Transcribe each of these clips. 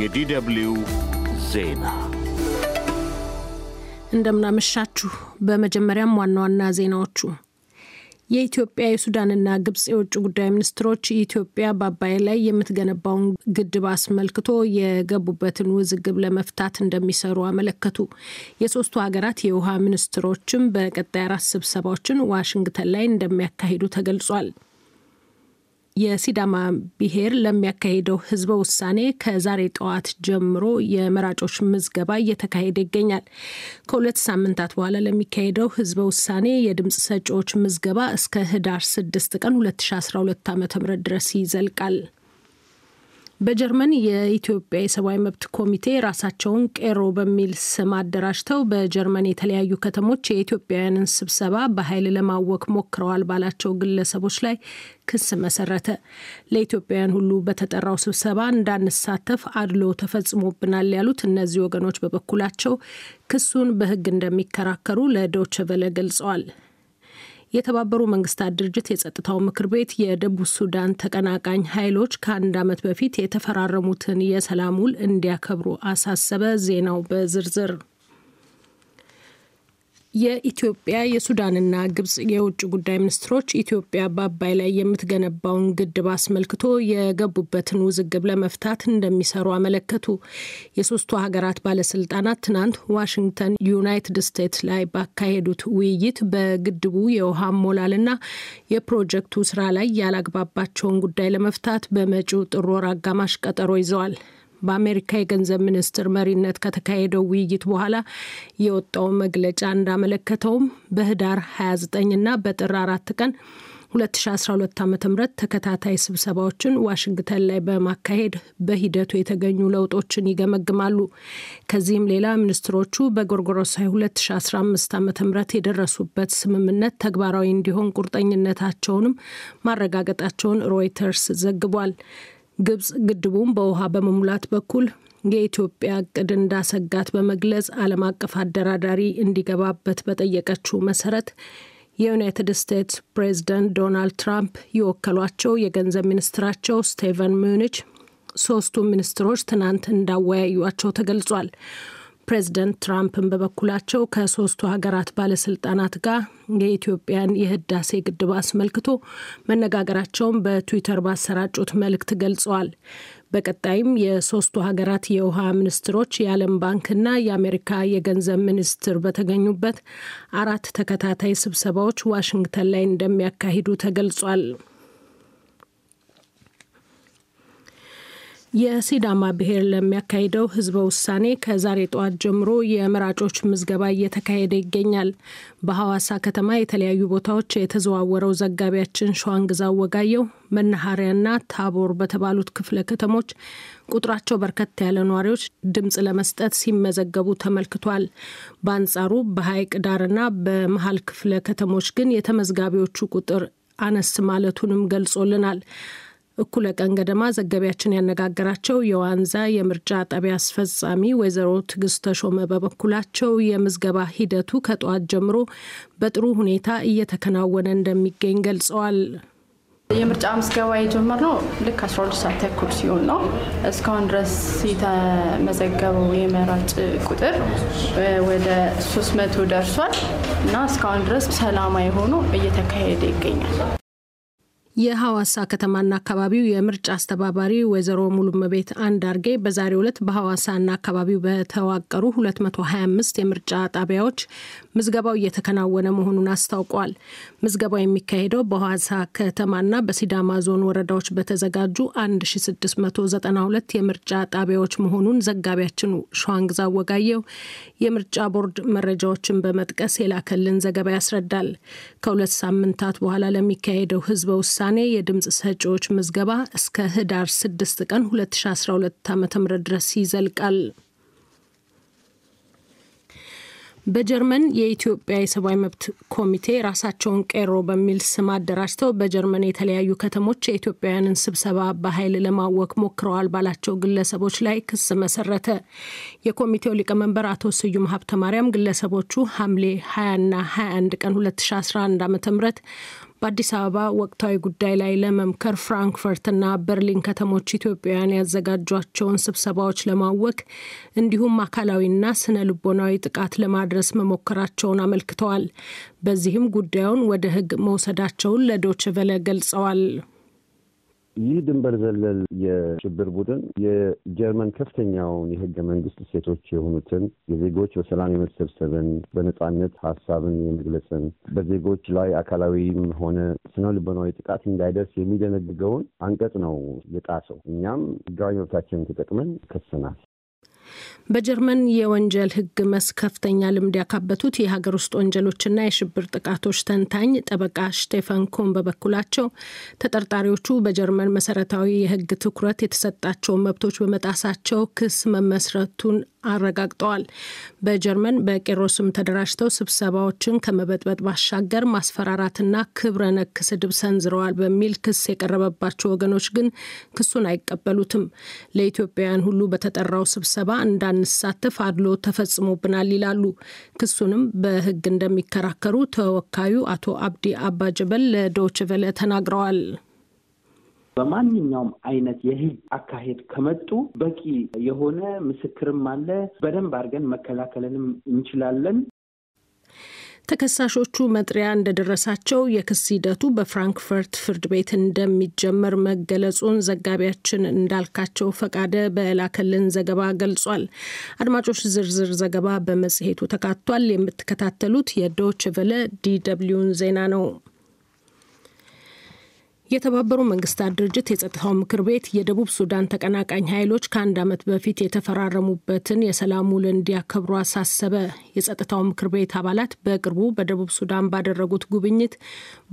የዲደብሊው ዜና እንደምናመሻችሁ። በመጀመሪያም ዋና ዋና ዜናዎቹ የኢትዮጵያ የሱዳንና ግብጽ የውጭ ጉዳይ ሚኒስትሮች ኢትዮጵያ በአባይ ላይ የምትገነባውን ግድብ አስመልክቶ የገቡበትን ውዝግብ ለመፍታት እንደሚሰሩ አመለከቱ። የሶስቱ ሀገራት የውሃ ሚኒስትሮችም በቀጣይ አራት ስብሰባዎችን ዋሽንግተን ላይ እንደሚያካሂዱ ተገልጿል። የሲዳማ ብሔር ለሚያካሄደው ህዝበ ውሳኔ ከዛሬ ጠዋት ጀምሮ የመራጮች ምዝገባ እየተካሄደ ይገኛል። ከሁለት ሳምንታት በኋላ ለሚካሄደው ህዝበ ውሳኔ የድምፅ ሰጪዎች ምዝገባ እስከ ህዳር 6 ቀን 2012 ዓ ም ድረስ ይዘልቃል። በጀርመን የኢትዮጵያ የሰብአዊ መብት ኮሚቴ ራሳቸውን ቄሮ በሚል ስም አደራጅተው በጀርመን የተለያዩ ከተሞች የኢትዮጵያውያንን ስብሰባ በኃይል ለማወክ ሞክረዋል ባላቸው ግለሰቦች ላይ ክስ መሰረተ። ለኢትዮጵያውያን ሁሉ በተጠራው ስብሰባ እንዳንሳተፍ አድሎ ተፈጽሞብናል ያሉት እነዚህ ወገኖች በበኩላቸው ክሱን በሕግ እንደሚከራከሩ ለዶችቨለ ገልጸዋል። የተባበሩ መንግስታት ድርጅት የጸጥታው ምክር ቤት የደቡብ ሱዳን ተቀናቃኝ ኃይሎች ከአንድ ዓመት በፊት የተፈራረሙትን የሰላም ውል እንዲያከብሩ አሳሰበ። ዜናው በዝርዝር የኢትዮጵያ የሱዳንና ግብጽ የውጭ ጉዳይ ሚኒስትሮች ኢትዮጵያ በአባይ ላይ የምትገነባውን ግድብ አስመልክቶ የገቡበትን ውዝግብ ለመፍታት እንደሚሰሩ አመለከቱ። የሶስቱ ሀገራት ባለስልጣናት ትናንት ዋሽንግተን ዩናይትድ ስቴትስ ላይ ባካሄዱት ውይይት በግድቡ የውሃ ሞላልና የፕሮጀክቱ ስራ ላይ ያላግባባቸውን ጉዳይ ለመፍታት በመጪው ጥር ወር አጋማሽ ቀጠሮ ይዘዋል። በአሜሪካ የገንዘብ ሚኒስትር መሪነት ከተካሄደው ውይይት በኋላ የወጣው መግለጫ እንዳመለከተውም በህዳር 29ና በጥር አራት ቀን 2012 ዓ ም ተከታታይ ስብሰባዎችን ዋሽንግተን ላይ በማካሄድ በሂደቱ የተገኙ ለውጦችን ይገመግማሉ። ከዚህም ሌላ ሚኒስትሮቹ በጎርጎሮሳዊ 2015 ዓ ም የደረሱበት ስምምነት ተግባራዊ እንዲሆን ቁርጠኝነታቸውንም ማረጋገጣቸውን ሮይተርስ ዘግቧል። ግብጽ ግድቡን በውሃ በመሙላት በኩል የኢትዮጵያ እቅድ እንዳሰጋት በመግለጽ ዓለም አቀፍ አደራዳሪ እንዲገባበት በጠየቀችው መሰረት የዩናይትድ ስቴትስ ፕሬዝደንት ዶናልድ ትራምፕ የወከሏቸው የገንዘብ ሚኒስትራቸው ስቴቨን ሚኒች ሶስቱ ሚኒስትሮች ትናንት እንዳወያዩቸው ተገልጿል። ፕሬዝደንት ትራምፕን በበኩላቸው ከሶስቱ ሀገራት ባለስልጣናት ጋር የኢትዮጵያን የህዳሴ ግድብ አስመልክቶ መነጋገራቸውን በትዊተር ባሰራጩት መልእክት ገልጸዋል። በቀጣይም የሶስቱ ሀገራት የውሃ ሚኒስትሮች የዓለም ባንክና የአሜሪካ የገንዘብ ሚኒስትር በተገኙበት አራት ተከታታይ ስብሰባዎች ዋሽንግተን ላይ እንደሚያካሂዱ ተገልጿል። የሲዳማ ብሔር ለሚያካሂደው ህዝበ ውሳኔ ከዛሬ ጠዋት ጀምሮ የመራጮች ምዝገባ እየተካሄደ ይገኛል። በሐዋሳ ከተማ የተለያዩ ቦታዎች የተዘዋወረው ዘጋቢያችን ሸዋንግዛ ወጋየው መናኸሪያና ታቦር በተባሉት ክፍለ ከተሞች ቁጥራቸው በርከት ያለ ነዋሪዎች ድምፅ ለመስጠት ሲመዘገቡ ተመልክቷል። በአንጻሩ በሐይቅ ዳርና በመሀል ክፍለ ከተሞች ግን የተመዝጋቢዎቹ ቁጥር አነስ ማለቱንም ገልጾልናል። እኩለ ቀን ገደማ ዘጋቢያችን ያነጋገራቸው የዋንዛ የምርጫ ጣቢያ አስፈጻሚ ወይዘሮ ትግስት ተሾመ በበኩላቸው የምዝገባ ሂደቱ ከጠዋት ጀምሮ በጥሩ ሁኔታ እየተከናወነ እንደሚገኝ ገልጸዋል። የምርጫ ምዝገባ የጀመርነው ልክ 12 ሰዓት ተኩል ሲሆን ነው። እስካሁን ድረስ የተመዘገበው የመራጭ ቁጥር ወደ 300 ደርሷል እና እስካሁን ድረስ ሰላማዊ ሆኖ እየተካሄደ ይገኛል። የሐዋሳ ከተማና አካባቢው የምርጫ አስተባባሪ ወይዘሮ ሙሉ መቤት አንድ አርጌ በዛሬው ዕለት በሐዋሳና አካባቢው በተዋቀሩ 225 የምርጫ ጣቢያዎች ምዝገባው እየተከናወነ መሆኑን አስታውቋል። ምዝገባው የሚካሄደው በሐዋሳ ከተማና በሲዳማ ዞን ወረዳዎች በተዘጋጁ 1692 የምርጫ ጣቢያዎች መሆኑን ዘጋቢያችን ሸዋንግዛ ወጋየው የምርጫ ቦርድ መረጃዎችን በመጥቀስ የላከልን ዘገባ ያስረዳል። ከሁለት ሳምንታት በኋላ ለሚካሄደው ህዝበ ውሳኔ የድምፅ ሰጪዎች ምዝገባ እስከ ህዳር 6 ቀን 2012 ዓ ም ድረስ ይዘልቃል። በጀርመን የኢትዮጵያ የሰብአዊ መብት ኮሚቴ ራሳቸውን ቄሮ በሚል ስም አደራጅተው በጀርመን የተለያዩ ከተሞች የኢትዮጵያውያንን ስብሰባ በኃይል ለማወክ ሞክረዋል ባላቸው ግለሰቦች ላይ ክስ መሰረተ። የኮሚቴው ሊቀመንበር አቶ ስዩም ሀብተ ማርያም ግለሰቦቹ ሐምሌ 20ና 21 ቀን 2011 ዓ ም በአዲስ አበባ ወቅታዊ ጉዳይ ላይ ለመምከር ፍራንክፈርትና በርሊን ከተሞች ኢትዮጵያውያን ያዘጋጇቸውን ስብሰባዎች ለማወክ እንዲሁም አካላዊና ስነ ልቦናዊ ጥቃት ለማድረስ መሞከራቸውን አመልክተዋል። በዚህም ጉዳዩን ወደ ሕግ መውሰዳቸውን ለዶችቨለ ገልጸዋል። ይህ ድንበር ዘለል የሽብር ቡድን የጀርመን ከፍተኛውን የህገ መንግስት እሴቶች የሆኑትን የዜጎች በሰላም የመሰብሰብን፣ በነጻነት ሀሳብን የመግለጽን፣ በዜጎች ላይ አካላዊም ሆነ ስነ ልቦናዊ ጥቃት እንዳይደርስ የሚደነግገውን አንቀጽ ነው የጣሰው። እኛም ህጋዊ መብታችንን ተጠቅመን ከሰናል። በጀርመን የወንጀል ህግ መስክ ከፍተኛ ልምድ ያካበቱት የሀገር ውስጥ ወንጀሎችና የሽብር ጥቃቶች ተንታኝ ጠበቃ ሽቴፈን ኮን በበኩላቸው ተጠርጣሪዎቹ በጀርመን መሰረታዊ የህግ ትኩረት የተሰጣቸውን መብቶች በመጣሳቸው ክስ መመስረቱን አረጋግጠዋል። በጀርመን በቄሮ ስም ተደራጅተው ስብሰባዎችን ከመበጥበጥ ባሻገር ማስፈራራትና ክብረ ነክ ስድብ ሰንዝረዋል በሚል ክስ የቀረበባቸው ወገኖች ግን ክሱን አይቀበሉትም። ለኢትዮጵያውያን ሁሉ በተጠራው ስብሰባ እንዳንሳተፍ አድሎ ተፈጽሞብናል ይላሉ። ክሱንም በሕግ እንደሚከራከሩ ተወካዩ አቶ አብዲ አባጀበል ለዶችቨለ ተናግረዋል። በማንኛውም አይነት የህግ አካሄድ ከመጡ በቂ የሆነ ምስክርም አለ። በደንብ አድርገን መከላከልንም እንችላለን። ተከሳሾቹ መጥሪያ እንደደረሳቸው የክስ ሂደቱ በፍራንክፈርት ፍርድ ቤት እንደሚጀመር መገለጹን ዘጋቢያችን እንዳልካቸው ፈቃደ በላከልን ዘገባ ገልጿል። አድማጮች፣ ዝርዝር ዘገባ በመጽሔቱ ተካቷል። የምትከታተሉት የዶችቨለ ዲ ዜና ነው። የተባበሩ መንግስታት ድርጅት የጸጥታው ምክር ቤት የደቡብ ሱዳን ተቀናቃኝ ኃይሎች ከአንድ ዓመት በፊት የተፈራረሙበትን የሰላም ውል እንዲያከብሩ አሳሰበ። የጸጥታው ምክር ቤት አባላት በቅርቡ በደቡብ ሱዳን ባደረጉት ጉብኝት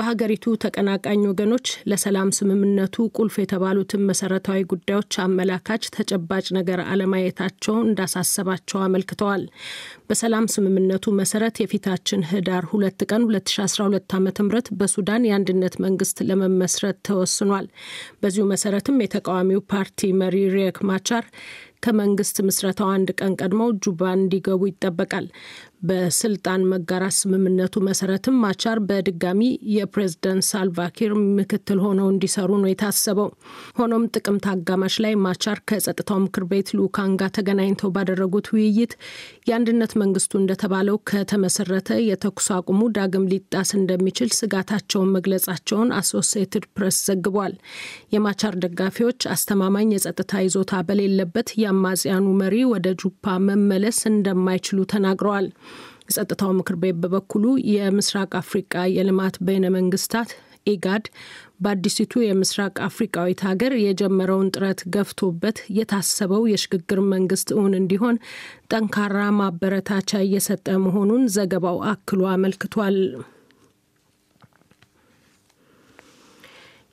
በሀገሪቱ ተቀናቃኝ ወገኖች ለሰላም ስምምነቱ ቁልፍ የተባሉትን መሰረታዊ ጉዳዮች አመላካች ተጨባጭ ነገር አለማየታቸው እንዳሳሰባቸው አመልክተዋል። በሰላም ስምምነቱ መሰረት የፊታችን ህዳር ሁለት ቀን 2012 ዓ ም በሱዳን የአንድነት መንግስት ለመመስረት ለማስመስረት ተወስኗል። በዚሁ መሰረትም የተቃዋሚው ፓርቲ መሪ ሪክ ማቻር ከመንግስት ምስረታው አንድ ቀን ቀድመው ጁባ እንዲገቡ ይጠበቃል። በስልጣን መጋራት ስምምነቱ መሰረትም ማቻር በድጋሚ የፕሬዝደንት ሳልቫኪር ምክትል ሆነው እንዲሰሩ ነው የታሰበው። ሆኖም ጥቅምት አጋማሽ ላይ ማቻር ከጸጥታው ምክር ቤት ልዑካን ጋር ተገናኝተው ባደረጉት ውይይት የአንድነት መንግስቱ እንደተባለው ከተመሰረተ የተኩስ አቁሙ ዳግም ሊጣስ እንደሚችል ስጋታቸውን መግለጻቸውን አሶሲየትድ ፕሬስ ዘግቧል። የማቻር ደጋፊዎች አስተማማኝ የጸጥታ ይዞታ በሌለበት የአማጽያኑ መሪ ወደ ጁፓ መመለስ እንደማይችሉ ተናግረዋል። የጸጥታው ምክር ቤት በበኩሉ የምስራቅ አፍሪቃ የልማት በይነ መንግስታት ኢጋድ በአዲሲቱ የምስራቅ አፍሪቃዊት ሀገር የጀመረውን ጥረት ገፍቶበት የታሰበው የሽግግር መንግስት እውን እንዲሆን ጠንካራ ማበረታቻ እየሰጠ መሆኑን ዘገባው አክሎ አመልክቷል።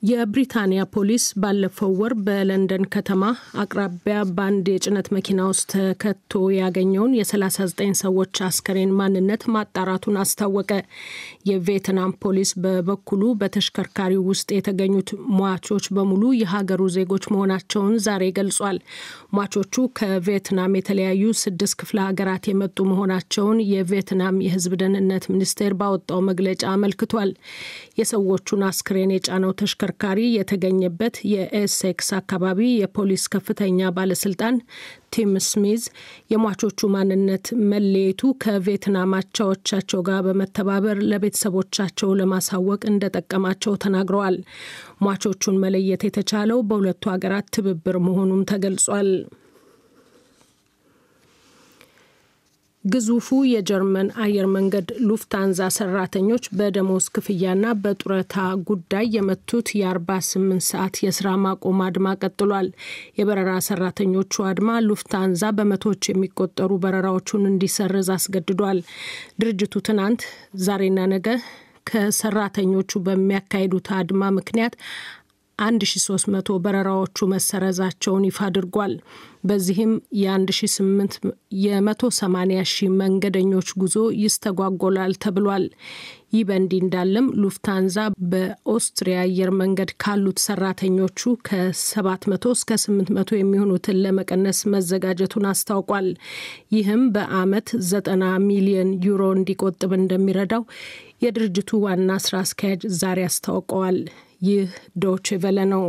የብሪታንያ ፖሊስ ባለፈው ወር በለንደን ከተማ አቅራቢያ በአንድ የጭነት መኪና ውስጥ ተከቶ ያገኘውን የ39 ሰዎች አስከሬን ማንነት ማጣራቱን አስታወቀ። የቪየትናም ፖሊስ በበኩሉ በተሽከርካሪው ውስጥ የተገኙት ሟቾች በሙሉ የሀገሩ ዜጎች መሆናቸውን ዛሬ ገልጿል። ሟቾቹ ከቪየትናም የተለያዩ ስድስት ክፍለ ሀገራት የመጡ መሆናቸውን የቪየትናም የሕዝብ ደህንነት ሚኒስቴር ባወጣው መግለጫ አመልክቷል። የሰዎቹን አስክሬን የጫነው ተሽከርካሪ ተሽከርካሪ የተገኘበት የኤሴክስ አካባቢ የፖሊስ ከፍተኛ ባለስልጣን ቲም ስሚዝ የሟቾቹ ማንነት መለየቱ ከቬትናም አቻዎቻቸው ጋር በመተባበር ለቤተሰቦቻቸው ለማሳወቅ እንደጠቀማቸው ተናግረዋል። ሟቾቹን መለየት የተቻለው በሁለቱ ሀገራት ትብብር መሆኑም ተገልጿል። ግዙፉ የጀርመን አየር መንገድ ሉፍታንዛ ሰራተኞች በደሞዝ ክፍያና በጡረታ ጉዳይ የመቱት የ48 ሰዓት የስራ ማቆም አድማ ቀጥሏል። የበረራ ሰራተኞቹ አድማ ሉፍታንዛ በመቶዎች የሚቆጠሩ በረራዎቹን እንዲሰርዝ አስገድዷል። ድርጅቱ ትናንት ዛሬና ነገ ከሰራተኞቹ በሚያካሂዱት አድማ ምክንያት 1300 በረራዎቹ መሰረዛቸውን ይፋ አድርጓል። በዚህም የ18 የ ሺህ መንገደኞች ጉዞ ይስተጓጎላል ተብሏል። ይህ በእንዲህ እንዳለም ሉፍታንዛ በኦስትሪያ አየር መንገድ ካሉት ሰራተኞቹ ከ700 እስከ 800 የሚሆኑትን ለመቀነስ መዘጋጀቱን አስታውቋል። ይህም በአመት 90 ሚሊዮን ዩሮ እንዲቆጥብ እንደሚረዳው የድርጅቱ ዋና ስራ አስኪያጅ ዛሬ አስታውቀዋል። ይህ ዶች ቨለ ነው።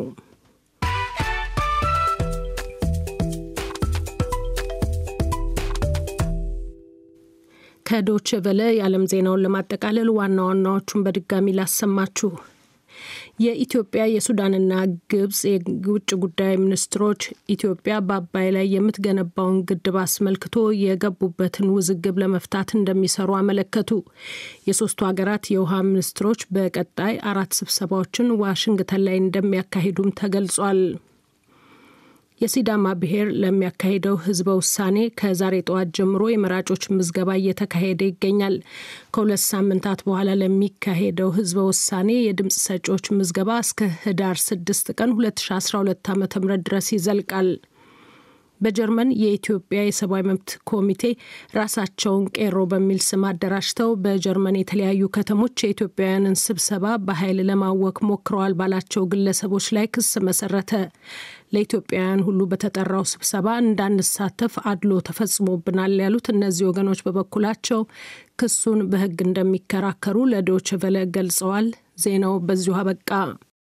ከዶች ቨለ የዓለም ዜናውን ለማጠቃለል ዋና ዋናዎቹን በድጋሚ ላሰማችሁ። የኢትዮጵያ የሱዳንና ግብጽ የውጭ ጉዳይ ሚኒስትሮች ኢትዮጵያ በአባይ ላይ የምትገነባውን ግድብ አስመልክቶ የገቡበትን ውዝግብ ለመፍታት እንደሚሰሩ አመለከቱ። የሶስቱ ሀገራት የውሃ ሚኒስትሮች በቀጣይ አራት ስብሰባዎችን ዋሽንግተን ላይ እንደሚያካሂዱም ተገልጿል። የሲዳማ ብሔር ለሚያካሄደው ህዝበ ውሳኔ ከዛሬ ጠዋት ጀምሮ የመራጮች ምዝገባ እየተካሄደ ይገኛል። ከሁለት ሳምንታት በኋላ ለሚካሄደው ህዝበ ውሳኔ የድምፅ ሰጪዎች ምዝገባ እስከ ህዳር 6 ቀን 2012 ዓ ም ድረስ ይዘልቃል። በጀርመን የኢትዮጵያ የሰብአዊ መብት ኮሚቴ ራሳቸውን ቄሮ በሚል ስም አደራጅተው በጀርመን የተለያዩ ከተሞች የኢትዮጵያውያንን ስብሰባ በኃይል ለማወክ ሞክረዋል ባላቸው ግለሰቦች ላይ ክስ መሰረተ። ለኢትዮጵያውያን ሁሉ በተጠራው ስብሰባ እንዳንሳተፍ አድሎ ተፈጽሞብናል ያሉት እነዚህ ወገኖች በበኩላቸው ክሱን በሕግ እንደሚከራከሩ ለዶችቨለ ገልጸዋል። ዜናው በዚሁ አበቃ።